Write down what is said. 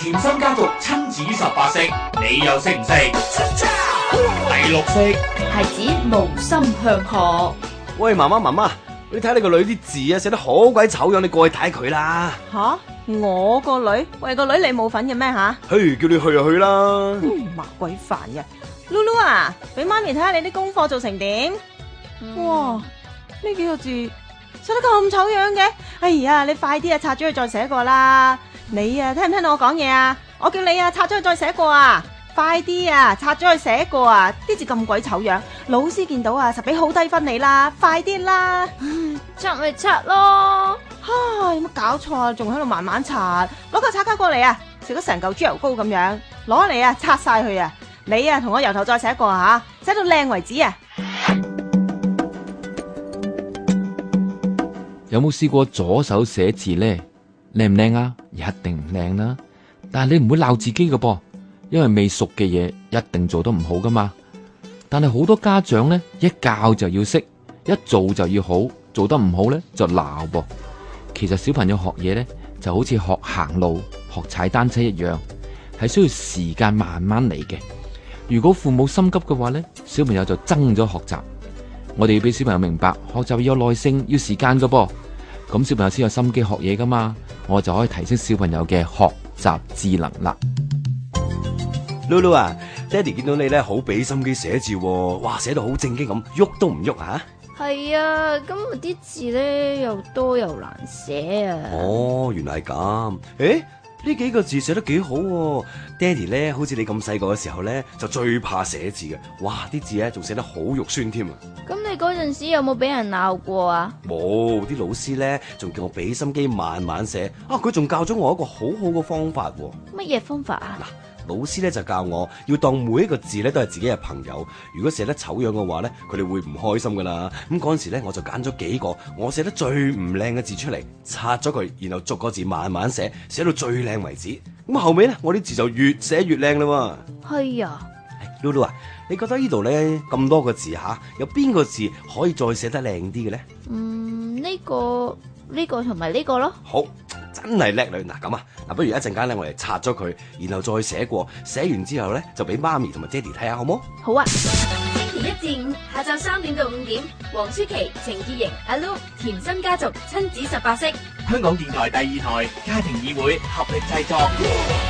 甜心家族親子十八式，你又識唔識？第六式，孩子無心向學。喂，媽媽媽媽，你睇你個女啲字啊，寫得好鬼醜樣，你過去睇佢啦。吓，我個女？喂，個女你冇份嘅咩吓？去，叫你去就去啦。嗯，麻鬼煩嘅，Lulu 啊，俾媽咪睇下你啲功課做成點。嗯、哇，呢幾個字寫得咁醜樣嘅，哎呀，你快啲啊，拆咗佢再寫過啦。你啊，聽唔聽到我講嘢啊？我叫你啊，擦咗佢再寫過啊！快啲啊，擦咗佢寫過啊！啲字咁鬼醜樣，老師見到啊，實俾好低分你啦！快啲啦，擦咪擦咯！哈，有冇搞錯啊？仲喺度慢慢擦，攞個擦膠過嚟啊！食咗成嚿豬油膏咁樣，攞嚟啊，擦晒佢啊！你啊，同我由頭再寫過啊，吓寫到靚為止啊！有冇試過左手寫字咧？靚唔靚啊？一定唔靚啦。但係你唔會鬧自己嘅噃，因為未熟嘅嘢一定做得唔好噶嘛。但係好多家長呢，一教就要識，一做就要好，做得唔好呢，就鬧噃。其實小朋友學嘢呢，就好似學行路、學踩單車一樣，係需要時間慢慢嚟嘅。如果父母心急嘅話呢，小朋友就憎咗學習。我哋要俾小朋友明白，學習要有耐性，要時間㗎噃。咁小朋友先有心機學嘢噶嘛，我就可以提升小朋友嘅學習智能啦。Lulu 啊，爹哋見到你咧，好俾心機寫字喎，哇，寫到好正經咁，喐都唔喐啊！係啊，咁啲字咧又多又難寫啊。哦，原來係咁，誒。呢幾個字寫得幾好喎。啊，爹哋咧好似你咁細個嘅時候咧就最怕寫字嘅。哇，啲字咧仲寫得好肉酸添啊！咁你嗰陣時有冇俾人鬧過啊？冇，啲老師咧仲叫我俾心機慢慢寫，啊，佢仲教咗我一個好好嘅方法喎。乜嘢方法啊？老師咧就教我要當每一個字咧都係自己嘅朋友。如果寫得醜樣嘅話咧，佢哋會唔開心噶啦。咁嗰陣時咧，我就揀咗幾個我寫得最唔靚嘅字出嚟，拆咗佢，然後逐個字慢慢寫，寫到最靚為止。咁後尾咧，我啲字就越寫越靚啦。係啊，Lulu 啊，hey, Lulu, 你覺得呢度咧咁多個字吓，啊，有邊個字可以再寫得靚啲嘅咧？嗯，呢、呢個呢、呢個同埋呢個咯。好。真係叻女，嗱咁啊，嗱不如一陣間咧，我哋拆咗佢，然後再寫過，寫完之後咧就俾媽咪同埋爹哋睇下，好冇？好啊！星期一至五下晝三點到五點，黃舒淇、程潔瑩、阿 Luc 甜心家族親子十八式，香港電台第二台家庭議會，合力製作。Yeah!